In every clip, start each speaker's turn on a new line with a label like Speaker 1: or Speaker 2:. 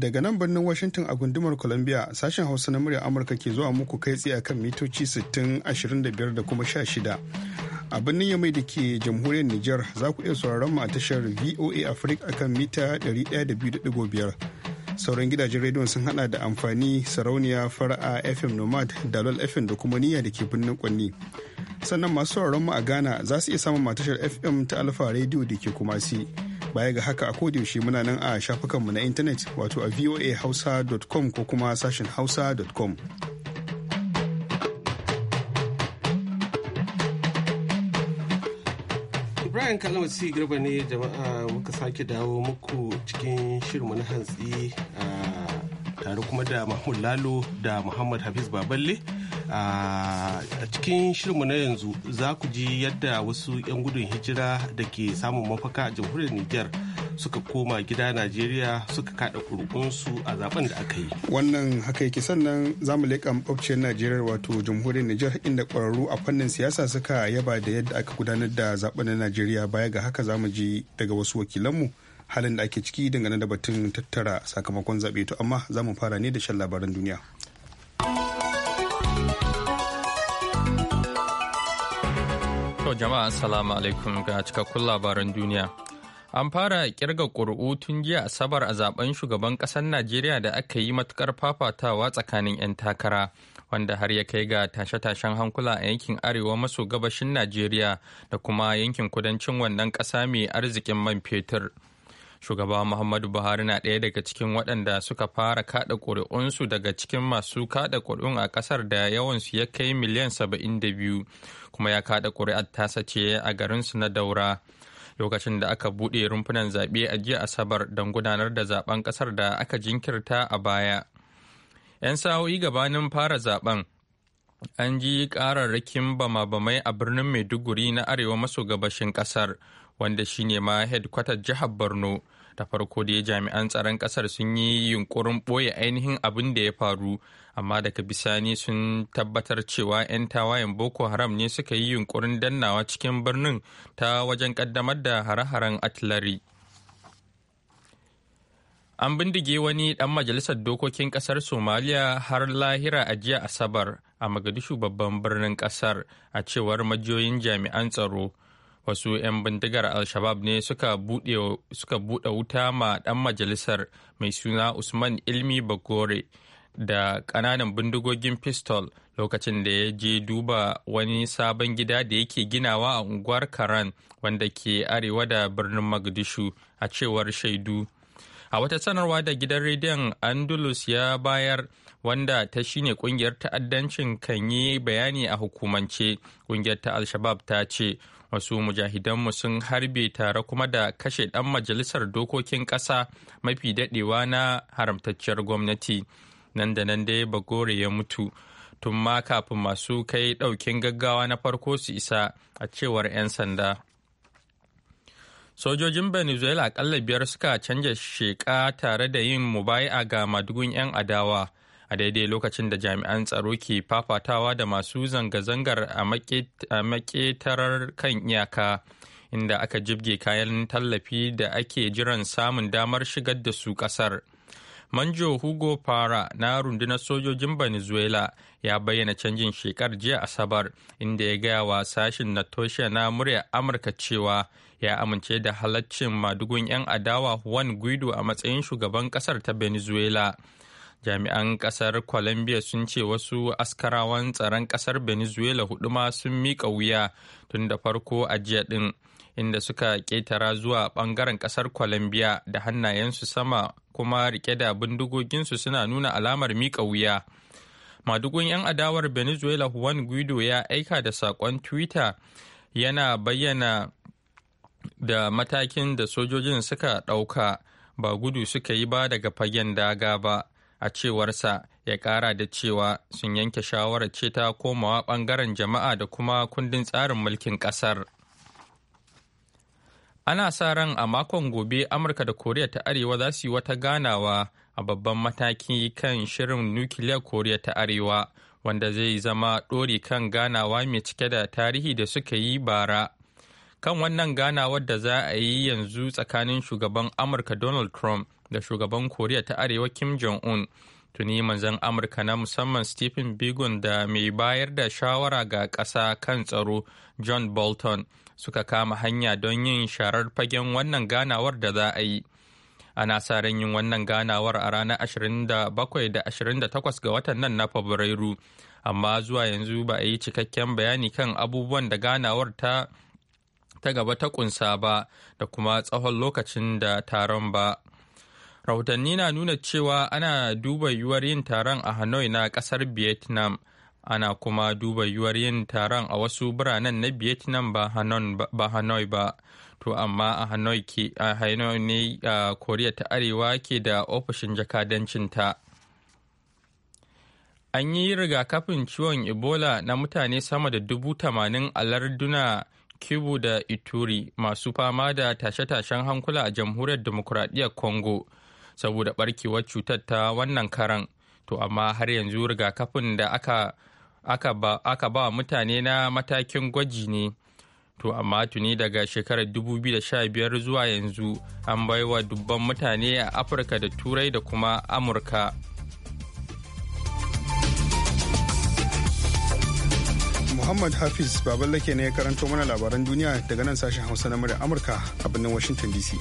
Speaker 1: daga nan birnin washington a gundumar columbia sashen hausa na murya amurka ke zuwa muku kai tsaye akan mitoci 60 25 da kuma 16 a birnin yamai da ke jamhuriyar niger za ku iya sauraron mu a tashar voa africa akan mita 102.5 sauran gidajen rediyon sun hada da amfani sarauniya fara'a fm nomad dalol fm da kuma niyya da ke birnin kwanni sannan masu sauraron mu a ghana za su iya samun matashar fm ta alfa radio da ke kumasi baya ga haka a yaushe muna nan a shafukanmu na intanet wato a voahausa.com ko kuma sashen hausa.com
Speaker 2: ibrahim kalmar si garba ne jama'a muka sake dawo muku cikin shirinmu na hantsi ah, tare kuma da mahmud lalo da muhammad hafiz baballe a cikin shirinmu na yanzu za ku ji yadda wasu 'yan gudun hijira da ke samun mafaka a jamhuriyar niger suka koma gida najeriya suka kada kurkunsu a zaben da aka yi
Speaker 1: wannan haka yake sannan za mu leƙa makwabciyar najeriya wato jamhuriyar niger inda ƙwararru a fannin siyasa suka yaba da yadda aka gudanar da zaben na najeriya baya ga haka za mu ji daga wasu wakilanmu halin da ake ciki dangane da batun tattara sakamakon zaɓe to amma za mu fara ne da shan labaran duniya
Speaker 3: jama'a assalamu alaikum ga cikakkun labaran duniya. An fara kirga ƙuri'u tun jiya Asabar a zaben shugaban ƙasar Najeriya da aka yi matukar fafatawa tsakanin 'yan takara, wanda har ya kai ga tashe-tashen hankula a yankin arewa maso gabashin Najeriya da kuma yankin kudancin wannan ƙasa mai arzikin man fetur. shugaba muhammadu buhari na ɗaya daga cikin waɗanda suka fara kaɗa ƙuri'unsu daga cikin masu kaɗa ƙuri'un a ƙasar da yawansu ya kai miliyan saba'in da biyu kuma ya kaɗa ƙuri'ar tasa ce a garinsu na daura lokacin da aka buɗe rumfunan zaɓe a jiya asabar don gudanar da zaben ƙasar da aka jinkirta a baya 'yan sa'o'i gabanin fara zaben an ji ƙararrakin bama-bamai a birnin maiduguri na arewa maso gabashin ƙasar wanda shine ma headquarter jihar borno ta farko dai jami'an tsaron kasar sun yi yunkurin ɓoye ainihin abin da ya faru amma daga bisani sun tabbatar cewa 'yan tawayen boko haram ne suka yi yunkurin dannawa cikin birnin ta wajen kaddamar da hare-haren atlari an bindige wani dan majalisar dokokin kasar somaliya har lahira a jiya asabar a magadishu babban birnin kasar a cewar majiyoyin jami'an tsaro wasu 'yan bindigar al-shabab ne suka buɗe wuta ma ɗan majalisar mai suna usman ilmi bagore da ƙananan bindigogin pistol lokacin da ya je duba wani sabon gida da yake ginawa a unguwar karan wanda ke arewa da birnin magdishu a cewar shaidu a wata sanarwa da gidan rediyon andalus ya bayar wanda ta shine kungiyar ta'addancin kan yi bayani a hukumance kungiyar ta al-shabab ta ce wasu mujahidanmu sun harbe tare kuma da kashe ɗan majalisar dokokin ƙasa mafi daɗewa na haramtacciyar gwamnati nan da nan dai bagore ya mutu tun ma kafin masu kai ɗaukin gaggawa na farko su isa a cewar 'yan sanda sojojin venezuela ƙalla biyar suka canja sheƙa tare da yin mubai'a ga madugun 'yan adawa a daidai lokacin da jami'an tsaro ke fafatawa da masu zanga-zangar a maketarar kan iyaka inda aka jibge kayan tallafi da ake jiran samun damar shigar da su kasar manjo hugo fara na rundunar sojojin venezuela ya bayyana canjin shekar jiya asabar inda ya gaya wa sashin natosha na murya amurka cewa ya amince da halaccin madugun 'yan adawa juan guido a matsayin shugaban kasar ta venezuela jami'an kasar colombia sun ce wasu askarawan tsaron kasar venezuela hudu ma sun mika wuya tun da farko a jiya din inda suka ketara zuwa bangaren kasar colombia da hannayensu sama kuma rike da bindigoginsu suna nuna alamar miƙa wuya madugun 'yan adawar venezuela juan guido ya aika da saƙon twitter yana bayyana da matakin da sojojin suka ɗauka ba gudu suka yi ba daga fagen daga ba a cewarsa ya kara da cewa sun yanke shawarar ce ta komawa bangaren jama'a da kuma kundin tsarin mulkin kasar ana sa ran a makon gobe amurka da koriya ta arewa za su yi wata ganawa a babban mataki kan shirin nukiliya koriya ta arewa wanda zai zama ɗori kan ganawa mai cike da tarihi da suka yi bara kan wannan ganawar da za a yi yanzu tsakanin shugaban amurka donald trump da shugaban koriya ta arewa kim jong-un tuni manzan amurka na musamman stephen bigon da mai bayar da shawara ga kasa kan tsaro john bolton suka kama hanya don yin sharar fagen wannan ganawar da za a yi ana sa ran yin wannan ganawar a ranar 27 da 28 ga watan nan na fabrairu amma zuwa yanzu ba a yi cikakken bayani kan abubuwan da ganawar ta ta gaba ta kunsa ba da kuma tsawon lokacin da taron ba rahotanni na nuna cewa ana duba yuwar yin taron a hanoi na kasar vietnam ana kuma duba yuwar yin taron a wasu biranen na vietnam ba hanoi ba to amma a hanoi ke a hanoi ne a koriya ta arewa ke da ofishin ta. an yi rigakafin ciwon ebola na mutane sama da dubu tamanin a larduna kibu da ituri masu fama da tashe-tashen hankula a jamhuriyar demokuraɗiyyar congo saboda barkewar cutar ta wannan karan to amma har yanzu rigakafin da aka aka ba, aka ba mutane na matakin gwaji ne to amma tuni daga shekarar 2015 zuwa yanzu an baiwa dubban mutane a afirka da turai da kuma amurka
Speaker 1: muhammad hafiz baballake ne ya karanto mana labaran duniya daga nan sashen hausa na murya amurka a birnin washington dc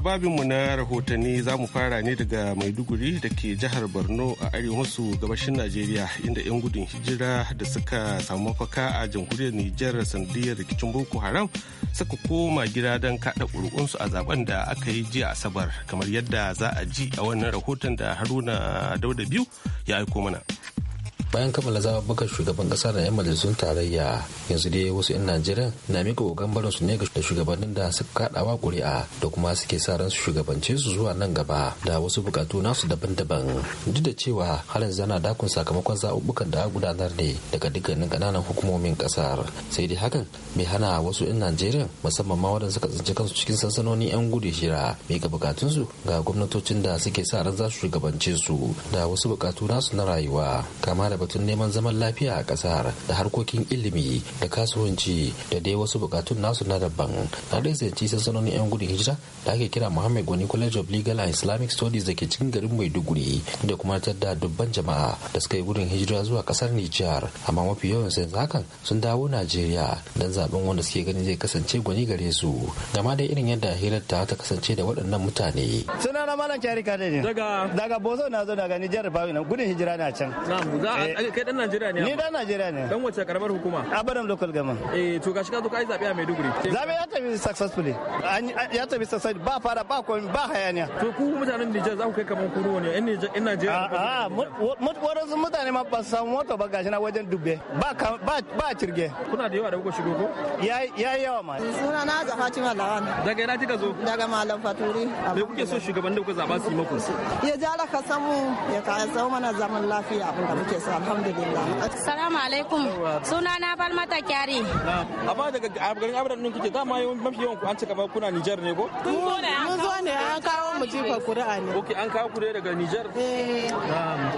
Speaker 2: babinmu na rahotanni za mu fara ne daga maiduguri da ke jihar borno a arewa masu gabashin najeriya inda 'yan gudun hijira da suka samu mafaka a jamhuriyar nijar sandiyar rikicin boko haram suka koma gida don kaɗa ƙuri'unsu a zaben da aka yi jiya asabar kamar yadda za a ji a wannan rahoton da haruna dauda biyu ya aiko mana
Speaker 4: bayan kammala zaɓuɓɓukan shugaban ƙasa da 'yan majalisun tarayya yanzu dai wasu 'yan najeriya na mika kokan barin su ne ga shugabannin da suka kaɗawa ƙuri'a da kuma suke sa ran su shugabance su zuwa nan gaba da wasu buƙatu nasu daban-daban duk da cewa har yanzu ana dakon sakamakon zaɓuɓɓukan da gudanar ne daga dukkanin ƙananan hukumomin ƙasar sai dai hakan bai hana wasu 'yan najeriya musamman ma waɗanda suka tsinci kansu cikin sansanonin 'yan gudu hira mika buƙatunsu ga gwamnatocin da suke sa ran za su shugabance su da wasu buƙatu nasu na rayuwa kama da batun neman zaman lafiya a kasar da harkokin ilimi da kasuwanci da dai wasu bukatun nasu na daban na dai zanci sansanonin yan gudun hijira da ake kira muhammad gwani college of legal and islamic studies da ke cikin garin maiduguri da kuma da dubban jama'a da suka yi gudun hijira zuwa kasar nijar amma mafi yawan sai hakan sun dawo najeriya don zaben wanda suke ganin zai kasance gwani gare su gama dai irin yadda hirar ta ta kasance da waɗannan mutane
Speaker 5: sunana malam kyari ne daga daga na zo daga nijar republic gudun hijira na can
Speaker 4: Eh, kai dan Najeriya ne ni dan Najeriya ne dan wace karamar hukuma Abadam local government
Speaker 5: eh to gashi ka zo kai zabe a Maiduguri zabe ya tafi successfully ya tafi successfully ba fara ba komai ba hayaniya to ku mutanen Nijar za ku kai kaman kuro ne in Nijar in Najeriya a mutane ma ba su samu mota ba gashi na wajen dubbe ba ba ba cirge kuna da yawa da
Speaker 4: kuka shigo ko yayi yawa ma suna na zafa cin lawan daga ina kika zo daga malam faturi me kuke so shugaban da kuka zaba su yi muku
Speaker 6: ya jara ka samu ya ka samu mana zaman lafiya abin da muke so alhamdulillah assalamu alaikum suna na balmata kyari
Speaker 4: a ba daga garin abin nan kuke dama yawan mafi yawan ku an cika kuna Nijar ne ko mun
Speaker 6: zo ne an kawo mu jifa
Speaker 4: kuri'a ne okay an kawo kuri'a daga Nijar eh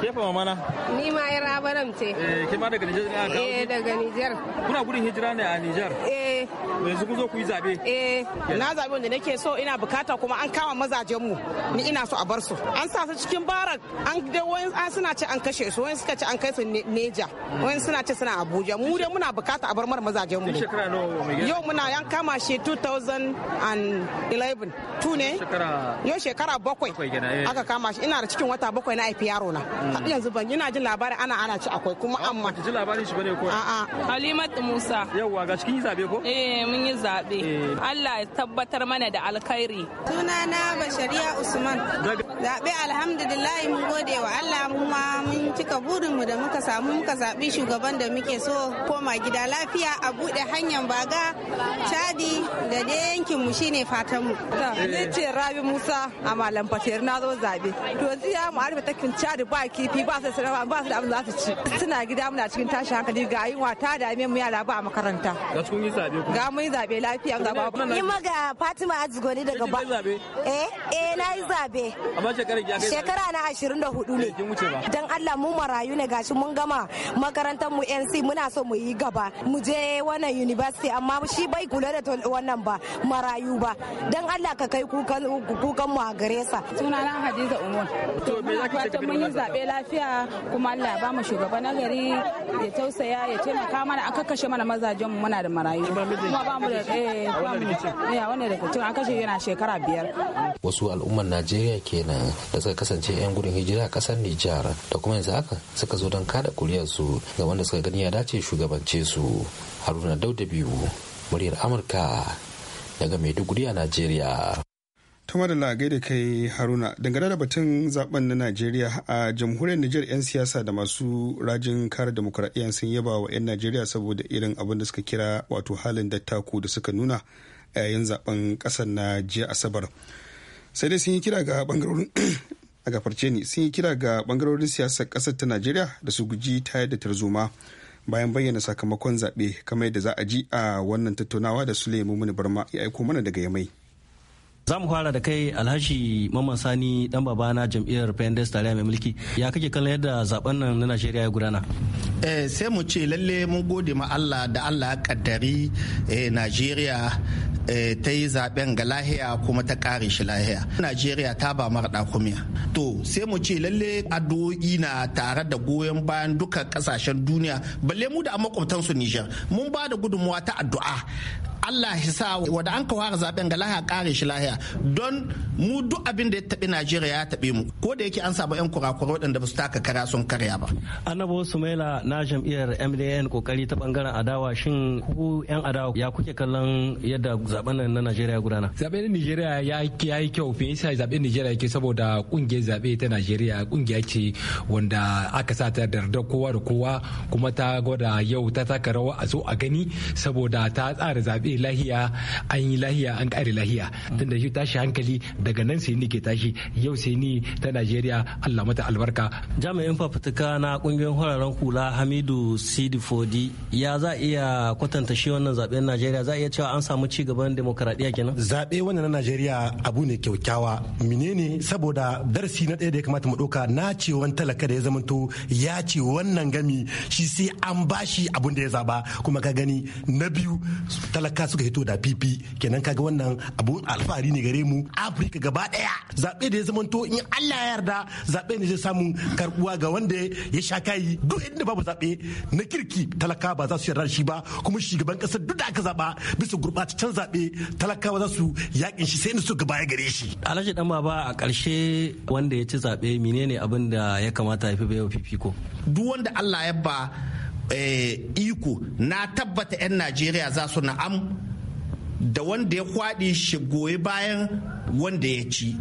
Speaker 4: kefa mamana
Speaker 2: ni ma yar abaram ce
Speaker 4: eh ke ma daga Nijar ne an kawo eh, daga Nijar kuna gudun hijira
Speaker 6: ne a Nijar eh yanzu ku zo ku yi zabe eh na zabe wanda nake so ina bukata kuma an kawo mazajen mu ni ina so a bar su an sa su cikin barak an dai wani suna ci an kashe su wani suka ci an kai su neja wani suna ce suna abuja mu dai muna bukata a bar mara mazajen mu yau muna yan kama shi 2011 tu ne
Speaker 4: yau shekara bakwai eh. aka
Speaker 6: kama shi ina da cikin wata bakwai na aifi yaro na hmm. yanzu ban yana jin labarin ana ana ci akwai kuma amma ji labarin shi bane ko a'a halimatu musa yauwa ga cikin zabe ko eh mun yi zabe eh. Allah ya tabbatar mana da alkhairi
Speaker 2: sunana bashariya usman zabe alhamdulillah mun gode wa Allah mu ma
Speaker 6: mun cika burin mu da da muka samu muka zaɓi shugaban da muke so koma gida lafiya a buɗe
Speaker 2: hanyar baga cadi da dai yankin mu shine fatan mu. ne ce Rabi Musa a Malam Fatir na zo zaɓe. To yanzu ya mu arba takin cadi ba kifi ba su sarrafa ba su da abin za su ci. Suna gida muna cikin tashin hankali ga wata ta dame mu yara ba a makaranta. Ga kun yi zaɓe ku. Ga mun yi zaɓe lafiya ga ba. Ni maga Fatima Azgoni daga ba.
Speaker 5: Eh eh na yi zaɓe.
Speaker 4: Amma shekara
Speaker 5: na 24 ne. Eh, Dan Allah mu marayu ne ga gashi mun gama makarantar mu NC muna so mu yi gaba mu je wannan university amma shi bai kula da wannan ba marayu ba dan Allah ka kai kukan
Speaker 4: kukan mu a gare sa suna sunana Hadiza Umar to me zaki ce mun yi zabe lafiya kuma Allah ya ba shugaba na gari ya tausaya ya taimaka mana an kakkashe mana mazajen mu muna da marayu kuma ba mu da eh ya wannan da eh, an kashe yana shekara biyar wasu al'ummar najeriya kenan da suka kasance 'yan gudun hijira a kasar nijar da kuma yanzu haka suka zo don kada kuriyarsu ga wanda suka gani ya dace shugabance su haruna dauda biyu muryar amurka daga maiduguri a najeriya
Speaker 1: tuma da lagai da kai haruna dangane da batun zaben na najeriya a jamhuriyar nijar 'yan siyasa da masu rajin kare demokuraɗiyya sun yaba wa 'yan najeriya saboda irin abin da suka kira wato halin dattako da suka nuna a yayin zaben ƙasar na jiya asabar sai dai sun yi kira ga bangarorin a gafarce ne sun yi kira ga bangarorin siyasar kasar ta najeriya da su guji tayar da tarzoma bayan bayyana sakamakon zaɓe kamar yadda za a ji a wannan tattaunawa da su mumuni barma ya aiko mana daga yamai Za mu fara da
Speaker 6: kai alhashi Mamman Sani dan baba na jam'iyyar pendes tarayya mai mulki. Ya kake kallon yadda zaben nan na Najeriya ya gudana?
Speaker 5: Eh sai mu ce lalle mun gode ma Allah da Allah ya kaddari eh, Najeriya eh, ta yi zaben ga lahiya kuma ta kare shi lahiya najeriya ta ba mara ɗakumiya to sai mu ce lalle addu'o'i na tare da goyon bayan duka kasashen duniya balle mu da a makwabtansu nijar mun ba da gudunmuwa ta addu'a Allah ya sa wanda an ka har zaben ga lahiya kare shi lahiya don mu duk abin da ya tabi Najeriya ya tabi mu ko da yake an samu yan kurakura waɗanda ba su taka kara sun
Speaker 6: karya ba Annabo Sumaila na jam'iyyar MDN kokari ta bangaren adawa shin ku yan adawa ya kuke kallon yadda zaben na Najeriya gudana Zaben Najeriya ya yi
Speaker 7: kyau fi isa zaben Najeriya yake saboda kungiyar zabe ta Najeriya kungiya ce wanda aka sa ta da kowa da kowa kuma ta gwada yau ta taka rawa a zo a gani saboda ta tsara zaɓe. kare lahiya an yi lahiya an kare lahiya tunda shi tashi hankali daga nan sai ni ke tashi yau sai ni ta Najeriya Allah mata albarka
Speaker 6: jami'in fafutuka na kungiyoyin hararen hula Hamidu Sidi Fodi ya za iya kwatanta shi wannan zaben Najeriya za iya cewa an samu ci gaban demokradiyya kenan zabe wannan na Najeriya abu ne
Speaker 8: kyaukyawa menene saboda darasi na ɗaya da ya kamata mu ɗauka na ce cewan talaka da ya zamanto ya ce wannan gami shi sai an bashi abun da ya zaba kuma ka gani na biyu talaka talaka suka hito da fifi kenan kaga wannan abun alfahari ne gare mu afirka gaba daya zaɓe da ya zamanto in allah ya yarda zaɓe ne zai samu karbuwa ga wanda ya sha kayi duk inda babu zaɓe na kirki talaka ba za su yarda shi ba kuma shugaban ƙasar duk da aka zaba bisa gurɓataccen zaɓe talakawa za su yakin shi sai in su gaba ya gare shi
Speaker 6: alhaji dan baba a karshe wanda ya ci zaɓe menene abin da ya kamata ya fi baiwa fifiko duk wanda
Speaker 5: allah ya ba Eh, iko
Speaker 6: na tabbata 'yan najeriya
Speaker 5: za su na'am da wanda ya kwaɗi shi goyi bayan wanda ya ci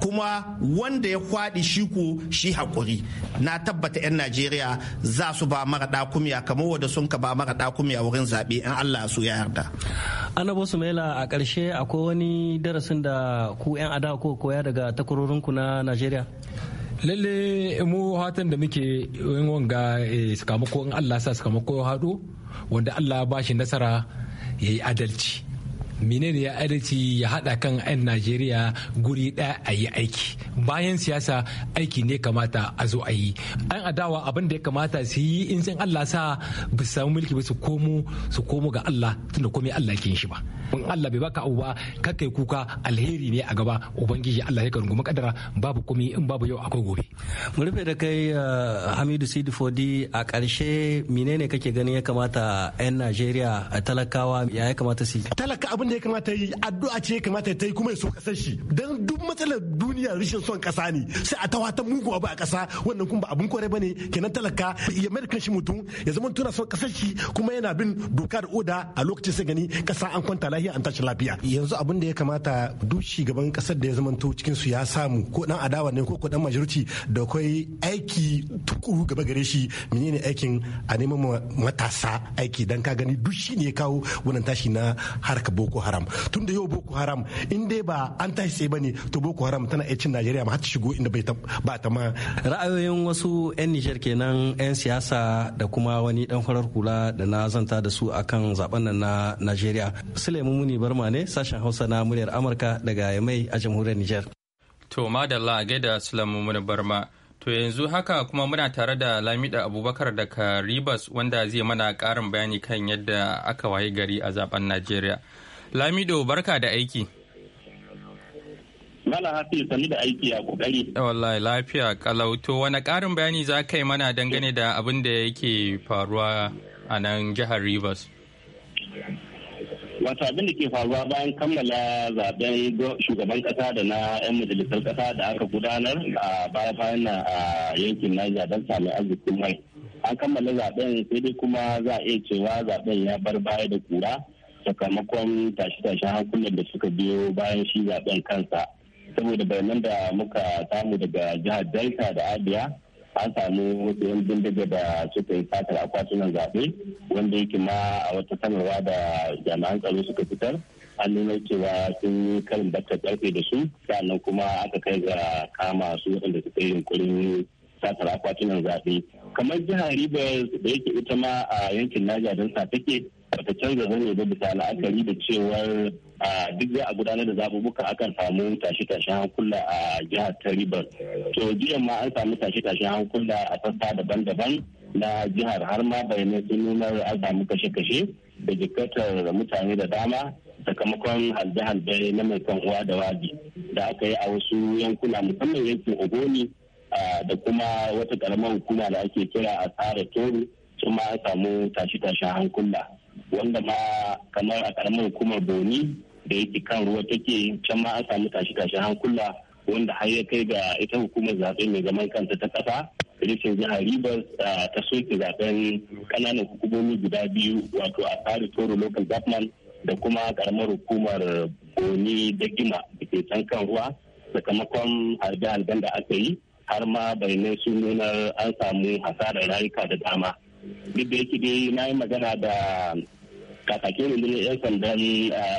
Speaker 5: kuma wanda ya kwaɗi shi ko shi haƙuri na tabbata 'yan najeriya za su ba mara ɗakumiya kamar wadda sun ka ba mara ɗakumiya wurin zaɓe in allah su ya yarda
Speaker 6: ana bosu mela a ƙarshe akwai wani darasin da ku 'yan ada ko koya daga takwarorinku na najeriya lalle mu hatan da muke
Speaker 7: yin wanga eh, sakamako in allah sa sakamako ya haɗu wanda allah ba shi nasara ya yi adalci menene ya adalci ya haɗa kan 'yan najeriya guri daya a yi aiki bayan siyasa aiki ne kamata a zo a yi an adawa abin da ya kamata su yi in san allah sa ba su samu mulki ba su komo su komo ga allah tunda komai allah ke shi ba in allah bai baka abu ba kakai kuka alheri ne a gaba ubangiji allah ya karungu makadara babu komai in babu yau akwai gobe
Speaker 6: mu rufe da kai uh, hamidu sidi fodi a ƙarshe menene kake ganin ya kamata 'yan najeriya uh, talakawa ya kamata su
Speaker 8: talaka abin abin da ya kamata yi addu'a ce ya kamata ta yi kuma ya so kasar shi dan duk matsalar duniya rishin son kasa ne sai a tawata ta mugu abu a kasa wannan kuma ba abin kore bane kenan talaka ya mai kan shi mutum ya zama tuna son kasar shi kuma yana bin doka da oda a lokacin sai gani kasa an kwanta lafiya an tashi lafiya yanzu abin da ya kamata duk shugaban kasar da ya zama to cikin su ya samu ko dan adawa ne ko ko dan majority da kai aiki tukuru gaba gare shi menene aikin a neman matasa aiki dan ka gani duk shi ne ya kawo wannan tashi na harka boko boko haram tun da yau boko haram in dai ba an tashi sai bane to boko haram tana iya najeriya ma har ta shigo inda ba ta ma ra'ayoyin wasu 'yan nijar
Speaker 6: kenan 'yan siyasa da kuma wani dan farar kula da na zanta da su akan zaben nan na najeriya sulaimu muni barma ne sashen hausa na muryar amurka daga yamai a jamhuriyar
Speaker 3: nijar to madalla a gaida sulaimu muni barma To yanzu haka kuma muna tare da Lamida Abubakar daga Ribas wanda zai mana karin bayani kan yadda aka waye gari a zaben Najeriya. Lamido barka da aiki.
Speaker 9: Mala hafi sami da aiki a kokari.
Speaker 3: Eh, wallahi lafiya kalau to wani karin bayani za ka yi mana dangane da abin da yake faruwa a nan jihar Rivers.
Speaker 9: wata abin da ke faruwa bayan kammala zaben shugaban kasa da na 'yan majalisar kasa da aka gudanar a baya bayan na a yankin Niger don sami arzikin mai. An kammala zaben sai dai kuma za a iya cewa zaben ya bar baya da kura. sakamakon tashe-tashen hankulan da suka biyo bayan shi zaben kansa saboda bayanan da muka samu daga jihar delta da abia an samu wasu yan bindiga da suka yi fatar akwatunan zaɓe wanda yake ma a wata sanarwa da jami'an tsaro suka fitar an nuna cewa sun yi karin batta karfe da su sannan kuma aka kai ga kama su waɗanda suka yi yunkurin satar akwatunan zaɓe kamar jihar rivers da yake ita ma a yankin naja don sa take bata canza zane ba bisa la'akari da cewar duk za a gudanar da zaɓuɓɓuka akan samu tashe tashi hankula a jihar ta ribar to jiya ma an samu tashe tashi hankula a sassa daban-daban na jihar har ma bayanai sun nuna an samu kashe-kashe da jikatar mutane da dama sakamakon halbe-halbe na mai kan uwa da wadi da aka yi a wasu yankuna musamman yankin ogoni da kuma wata karamar hukuma da ake kira a tsara toru sun ma an samu tashe-tashen hankula wanda ma kamar a karamar hukumar boni da yake kan ruwa take can ma an samu tashi tashi hankula wanda har ya kai ga ita hukumar zaɓe mai zaman kanta ta ƙasa rikin jihar Rivers ta soke zaɓen ƙananan hukumomi guda biyu wato a tsari toro local government da kuma karamar hukumar boni da gima da ke can kan ruwa sakamakon harbe-harben da aka yi har ma bayanai sun nuna an samu hasarar rayuka da dama duk da yake dai na yi magana da kakakin rundunar 'yan sandan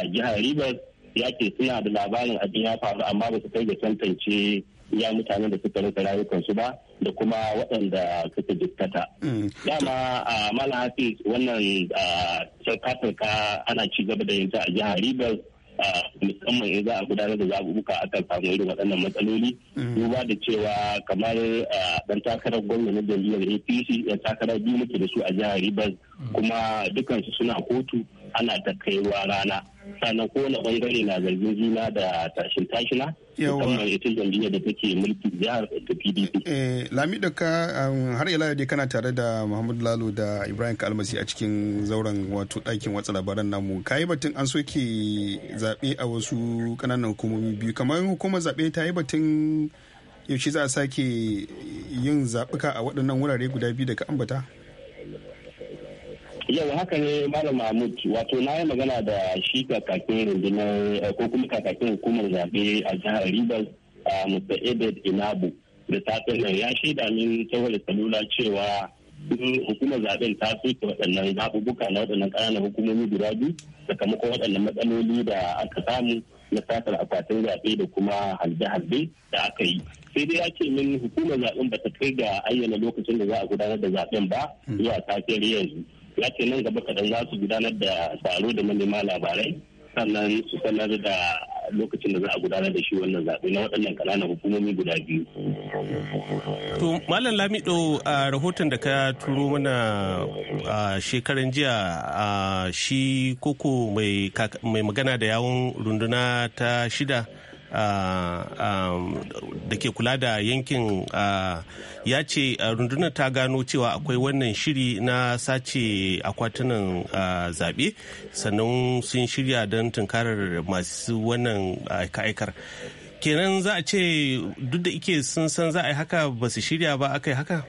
Speaker 9: jihar Rivers ya ce suna da labarin abin ya faru amma ba su kai da tantance ya mutanen da suka rasa rayukansu ba da kuma waɗanda suka jikkata. Mm. Dama a Mala Hafiz wannan ka ana ci gaba da yanzu a jihar Rivers musamman in za a gudanar da zaɓuɓɓuka akan samu irin waɗannan matsaloli mm. duba da cewa kamar ɗan takarar gwamnati jam'iyyar apc ya takarar biyu muke da su a jihar ribas mm. kuma dukansu suna kotu ana ta kaiwa rana sannan kowane bangare na zargin juna da tashin tashina musamman ita jam'iyyar da take mulki jihar da
Speaker 1: pdp eh, lami da ka um, har yi dai kana tare da muhammadu lalo da ibrahim kalmasi a cikin zauren wato ɗakin watsa labaran namu yi batun an soke zaɓe a wasu ƙananan hukumomi biyu kamar hukumar zaɓe ta yi batun yaushe za a sake yin zaɓuka a waɗannan wurare guda biyu da ka ambata
Speaker 9: yau haka ne malam mahmud wato na yi magana da shi kakakin rundunar eh, ko kuma kakakin hukumar zaɓe a jihar a mr edward inabu da safen nan ya shaida min ta da salula cewa hukumar zaɓen ta soke waɗannan zaɓuɓɓuka na waɗannan ƙananan hukumomi guda biyu sakamakon waɗannan matsaloli da aka samu na satar akwatin zaɓe da kuma halbe-halbe da aka yi sai dai ya ce min hukumar zaɓen ba ta kai ga ayyana lokacin da za a gudanar da zaɓen ba hmm. zuwa safiyar yanzu ya ce nan gaba kaɗan za su gudanar da taro da manema labarai sannan su sanar da lokacin da za a gudanar da shi wannan zaɓe na waɗannan ƙananan hukumomi guda biyu.
Speaker 2: To Malam Lamido a rahoton da ka turo mana a shekaran jiya a shi koko mai magana da yawon runduna ta shida da ke kula da yankin ya ce rundunar ta gano cewa akwai wannan shiri na sace akwatunan zaɓe sannan sun shirya don tunkarar masu wannan aika-aikar kenan za a ce duk da ike sun san za a yi haka ba su shirya ba aka yi haka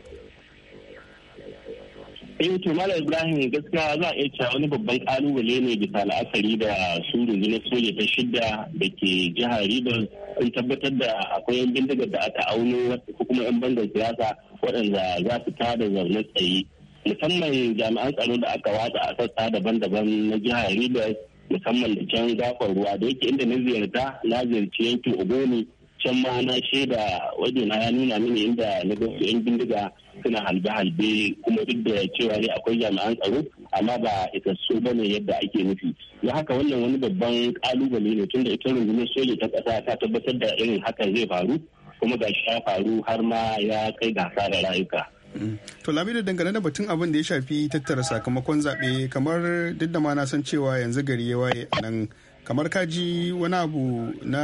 Speaker 9: eh to mala ibrahim gaskiya za a iya cewa wani babban kalubale ne bisa la'akari da su na soja ta shidda da ke jihar ribas sun tabbatar da akwai yan bindigar da aka auno ko kuma yan banga siyasa waɗanda za su tada zaune tsaye musamman jami'an tsaro da aka watsa a sassa daban-daban na jihar ribas musamman da can gafar ruwa da yake inda na ziyarta na ziyarci yankin ogoni can ma na shaida wajena ya nuna mini inda na ga yan bindiga suna halbe-halbe kuma duk da cewa ne akwai jami'an tsaro amma ba ita ba ne yadda ake nufi don haka wannan wani babban kalubale ne tunda ita rundunar soja ta ƙasa ta tabbatar da irin haka zai faru kuma ga shi ya faru har ma ya kai da hasarar rayuka.
Speaker 1: Mm. To labi da dangane da batun abin da ya shafi tattara sakamakon zaɓe kamar duk da ma na san cewa yanzu gari ya waye a nan kamar kaji wani abu na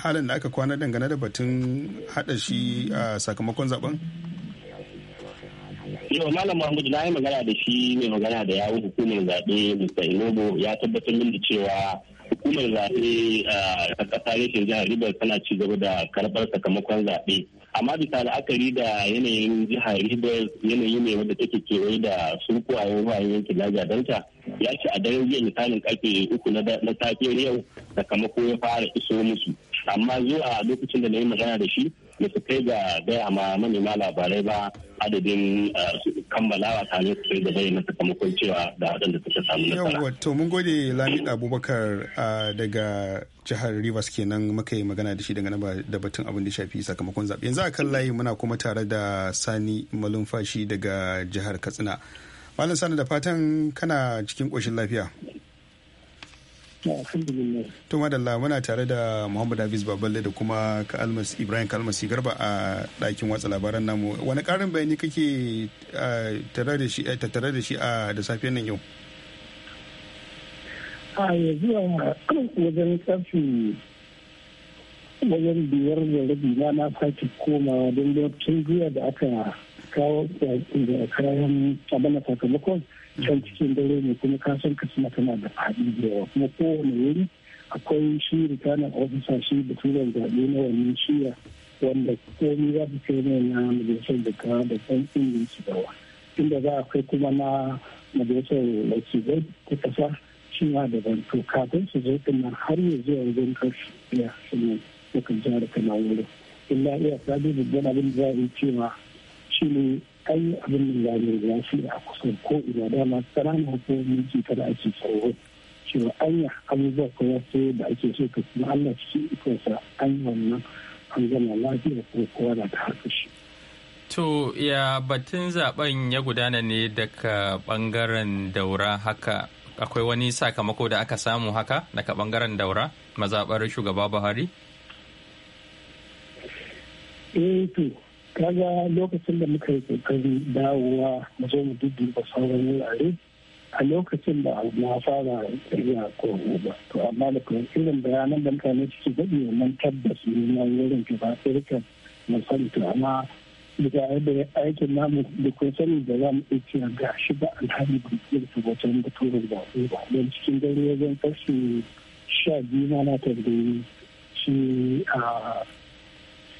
Speaker 1: halin da aka kwana dangane da batun haɗa shi a ah, sakamakon zaben?
Speaker 9: yau malam mahmud na yi magana da shi mai magana da yawun hukumar zaɓe mr inobo ya tabbatar min da cewa hukumar zaɓe a ƙasashen jihar ribar tana ci gaba da karɓar sakamakon zaɓe. Amma bisa la'akari da yanayin jihar ribar yanayi ne wanda take kewaye da surkuwayen ruwayen yankin laja Delta ya ce a daren jiya misalin karfe uku na safiyar yau sakamako ya fara iso musu. Amma zuwa lokacin da na yi magana da shi su kai ga gaya ma manema labarai ba adadin uh, kammalawa tare su kai ga bayyana sakamakon cewa da waɗanda suka samu nasara. Yawwa
Speaker 1: to mun gode Lamid Abubakar uh, daga jihar Rivers kenan muka yi magana da shi dangane da batun abin da shafi sakamakon zaɓe. Yanzu a kan layi muna kuma tare da Sani Malumfashi daga jihar Katsina. Malam Sani da fatan kana cikin ƙoshin lafiya. To madalla muna tare da Muhammad Hafiz Baballe da kuma Kalmas Ibrahim kalmas Garba a ɗakin watsa labaran namu. Wani karin bayani kake eh, tattare da shi a da safiyar nan yau?
Speaker 10: A yanzu a wajen ƙarfi wajen biyar da rabi na na sake komawa don lokacin jiya da aka kawo da kayan abin sakamakon can cikin dare ne kuma kasan kasina tana da haɗi da yawa kuma kowane wuri akwai shi rikanan ofisa shi da turan zaɓe na wannan shiya wanda komi za su kai ne na majalisar da kawo da kan ingin su dawa inda za a kai kuma na majalisar zai ta kasa shi ma daban to kafin su zo ɗin har yanzu wajen karshe ya sannan sukan jara kana wurin illa iya sabi da abin da za a yi cewa shi ne ai abin da ne ya shi a kusan ko ina dama ƙananan hukumomin da ake tsoro cewa anya abubuwa ko ya so da ake so ka kuma Allah shi sa an wannan an gama lafiya ko kowa na ta shi.
Speaker 3: To ya batun zaben ya gudana ne daga bangaren daura haka akwai wani sakamako da aka samu haka daga bangaren daura mazaɓar shugaba Buhari?
Speaker 10: Eh to kaga lokacin da muka yi kokari dawowa mu zo mu ba sauran wurare a lokacin da na fara iya kogo ba to amma da kuma irin bayanan da mutane suke gaɗi nan tabbas ne na wurin gaba ɗaya musamman to amma daga da aikin namu da kun sani da za mu iya cewa ga shi ba alhali ba su da tabbatar da turin ba ba don cikin dare wajen kashi sha biyu na na tambayi shi a ah,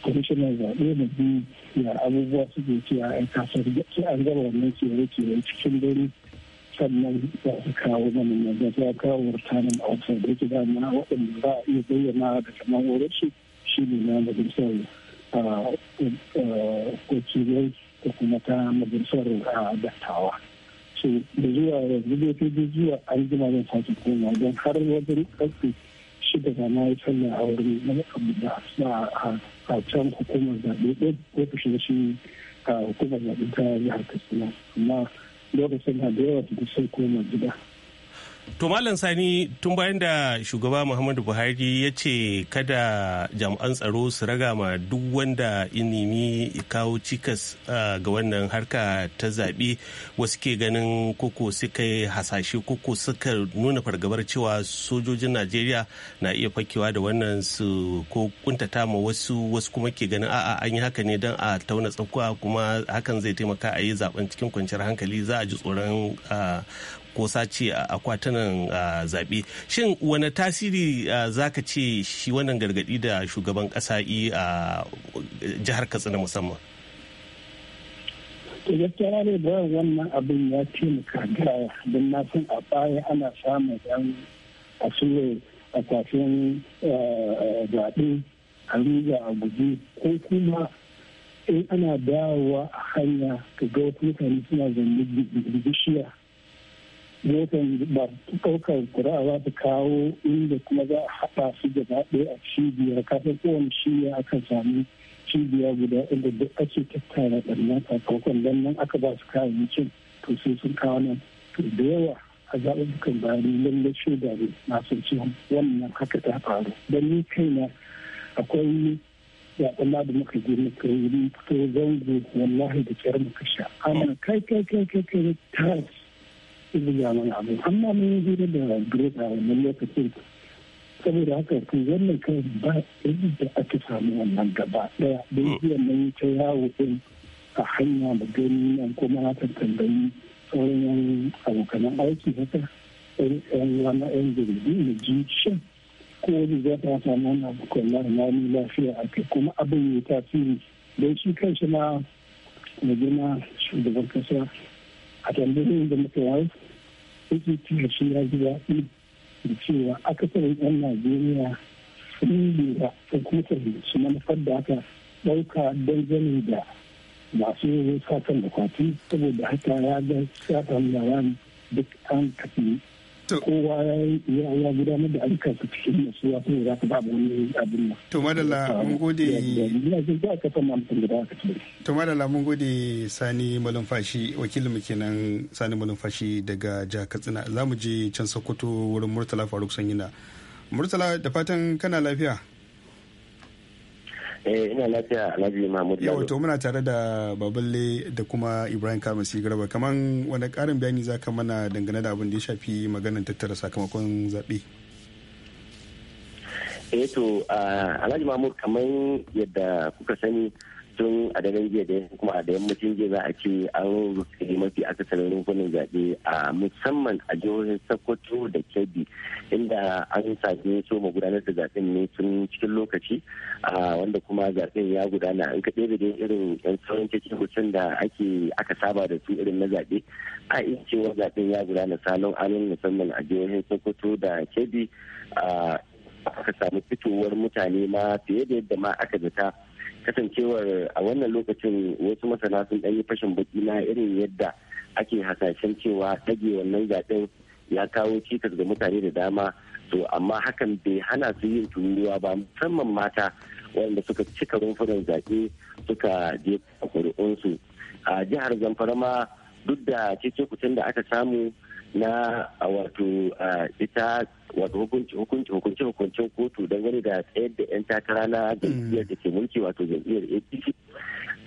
Speaker 10: kwamishinan zaɓe da biyu ya abubuwa suke ce a yan kasar sai an gama wannan kewaye-kewaye cikin dare sannan za su kawo mana yanzu za kawo a outside da yake dama waɗanda za a iya bayyana da kamar wurinsu shi ne na majalisar wakilai da kuma ta majalisar dattawa. so da zuwa yanzu da zuwa an jima zan sake koma don har wajen ƙarfi shida ba na yi sallar a wurin abuja a can hukumar zaɓe ɗin ofishin da shi a hukumar zaɓe ta jihar katsina amma lokacin da yawa su sun koma gida
Speaker 2: To Malam Sani tun bayan da shugaba Muhammadu Buhari ya ce kada jami'an tsaro su raga ma duk wanda nemi kawo cikas ga wannan harka ta zaɓe wasu ke ganin koko suka yi hasashe koko suka nuna fargabar cewa sojojin Najeriya na iya fakewa da wannan su ko kuntata ma wasu wasu kuma ke ganin a'a an yi haka ne don a tauna tsakuwa kuma hakan zai taimaka a yi zaben cikin kwanciyar hankali za a ji tsoron ko a akwatunan zaɓe shin wani tasiri za ka ce shi wannan gargaɗi da shugaban ƙasa yi a jihar katsina musamman
Speaker 10: to gaskiya ne da wannan abin ya mu kaga don na san a baya ana samun yan asure a kafin zaɓe a riga a guji ko kuma in ana dawowa a hanya ka ga mutane suna zanen bishiya gefen ba ɗaukar kuri'a za ta kawo inda kuma za a haɗa su da ɗaya a cibiyar kafin kowane shirya aka sami cibiya guda inda duk ake tattara ɗannan sakamakon don nan aka ba su cin to sai sun kawo nan da yawa a zaɓuɓɓukan bayani lalle shaida ne masu sun wannan haka ta faru don ni kaina akwai ya na da muka je muka yi fito zango wallahi da kyar ka sha amma kai kai kai kai kai ta su buga mana abin amma mun yi hira da greta a wannan lokacin saboda haka to wannan kai ba da ake samu wannan gaba ɗaya don mm. jiya mun ta yawo ɗin a hanya da gani an kuma ta tambayi sauran yan abokan aiki haka yan wani yan jirgi da jishin ko wani za ta samu wani abu na ni lafiya a kai kuma abin yi tasiri don shi shi na da gina shugaban kasa a tambayin da muka yi yake tiyo shi ya ji daɗi da cewa akasarin 'yan najeriya sun lura sun kuma su manufar da aka ɗauka don gani da masu satan da kwati saboda haka ya ga kan da duk an kafi kowa ya gudanar da ayyukansa cikin nasuwa sun za ka babu wani abin nan.
Speaker 1: To madalla mun gode. To madalla mun gode Sani Malumfashi wakilin mu kenan Sani Malumfashi daga jihar Katsina za mu je can Sokoto wurin Murtala Faruk Sanyina. Murtala da fatan kana lafiya.
Speaker 9: eh ina lafiya
Speaker 1: alhaji mahmud yawa to muna tare da baballe da kuma ibrahim kamasi garba kaman wani karin bayani za ka mana dangane da abin da ya shafi maganin tattara sakamakon zaɓe
Speaker 9: eh to ah, alhaji mahmud kamar yadda kuka sani tun a daren jiya da kuma a da yammacin jiya za a ce an rufe mafi akasarin rumfunan zaɓe a musamman a jihohin sokoto da kebbi inda an sami so ma gudanar da zaɓen ne tun cikin lokaci wanda kuma zaɓen ya gudana in ka ɗebe da irin yan sauran cikin mutum da ake aka saba da su irin na zaɓe a iya cewa zaɓen ya gudana salon anan musamman a jihohin sokoto da kebbi aka samu fitowar mutane ma fiye da yadda ma aka zata kasancewar a wannan lokacin wasu masana sun ɗan fashin baki na irin yadda ake hasashen cewa ɗage wannan zaɓen ya kawo cikas ga mutane da dama to amma hakan bai hana su yin tururuwa ba musamman mata wanda suka cika rumfunan zaɓe suka je a ƙuri'unsu a jihar zamfara ma duk da cece da aka samu na wato ita wato hukunci hukunci hukunci hukuncin kotu dangane da tsayar da 'yan takara na jam'iyyar da ke mulki wato jam'iyyar apc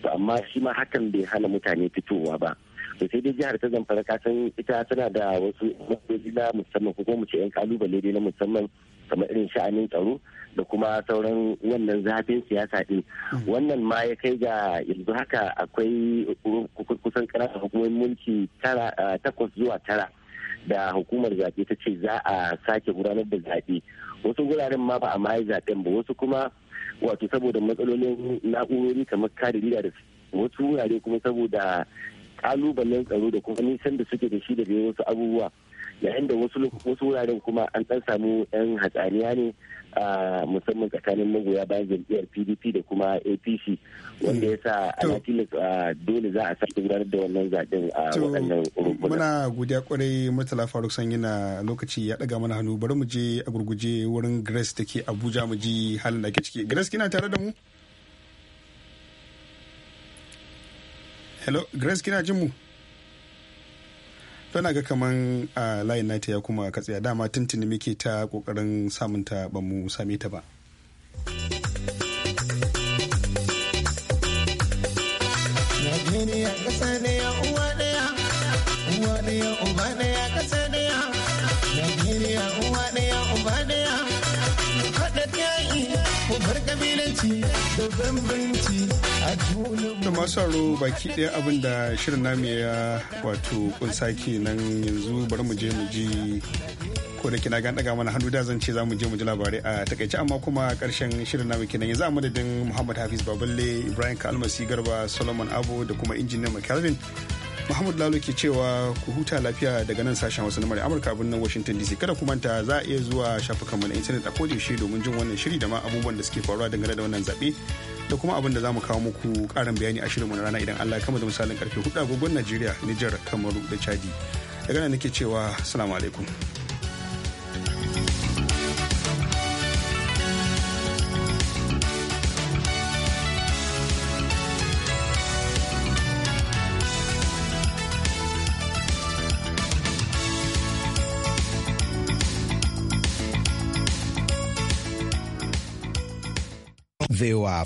Speaker 9: to amma shi ma hakan bai hana mutane fitowa ba to sai dai jihar ta zamfara kasan ita tana da wasu matsaloli na musamman ko kuma mu ce 'yan kalubale dai na musamman kamar irin sha'anin tsaro da kuma sauran wannan zafin siyasa ɗin wannan ma ya kai ga yanzu haka akwai kusan ƙananan hukumomin mulki eh, takwas zuwa tara da hukumar zaɓe ta ce za a sake gudanar da zaɓe wasu guraren ma ba a ma yi zaɓen ba wasu kuma wato saboda matsalolin na'urori kamar kare da wasu wurare kuma saboda kalubalen tsaro da kuma nisan da suke da shi da wasu abubuwa yayin da wasu wasu wuraren kuma an ɗan samu ɗan hatsaniya ne musamman tsakanin magoya bayan jam'iyyar pdp da kuma apc wanda ya sa hmm. ana tilas dole za a sake gudanar da wannan zaɓen a waɗannan rukuna. muna
Speaker 1: godiya kwarai murtala faruk sanyi na lokaci ya ɗaga mana hannu bari mu je a gurguje wurin grace da ke abuja mu ji halin da ke ciki grace kina tare da mu hello grace kina jin mu na ga kaman a layin nata ya kuma katsaya dama tuntuni muke ta kokarin samun ta ba mu same ta ba
Speaker 3: bambanci
Speaker 1: da masu aro baki ɗaya abin da shirin namu ya wato kunsa nan yanzu bari mu je mu ji ko da kina gan daga mana hannu da zan ce za mu je mu ji labarai a takaice amma kuma karshen shirin namu kenan yanzu a madadin Muhammad Hafiz Baballe Ibrahim Kalmasi Garba Solomon Abu da kuma injiniyan Calvin Muhammad Lalo ke cewa ku huta lafiya daga nan sashen wasu na Amurka birnin Washington DC kada ku manta za a iya zuwa shafukanmu na intanet a shi domin jin wannan shiri da ma abubuwan da suke faruwa dangane da wannan zaɓe da kuma abin da za mu kawo muku ƙarin bayani a shirinmu na rana idan Allah kama da misalin karfe hudu agogon Najeriya, Nijar, Kamaru da Chadi. Daga nan nake cewa salamu alaikum.
Speaker 2: cewa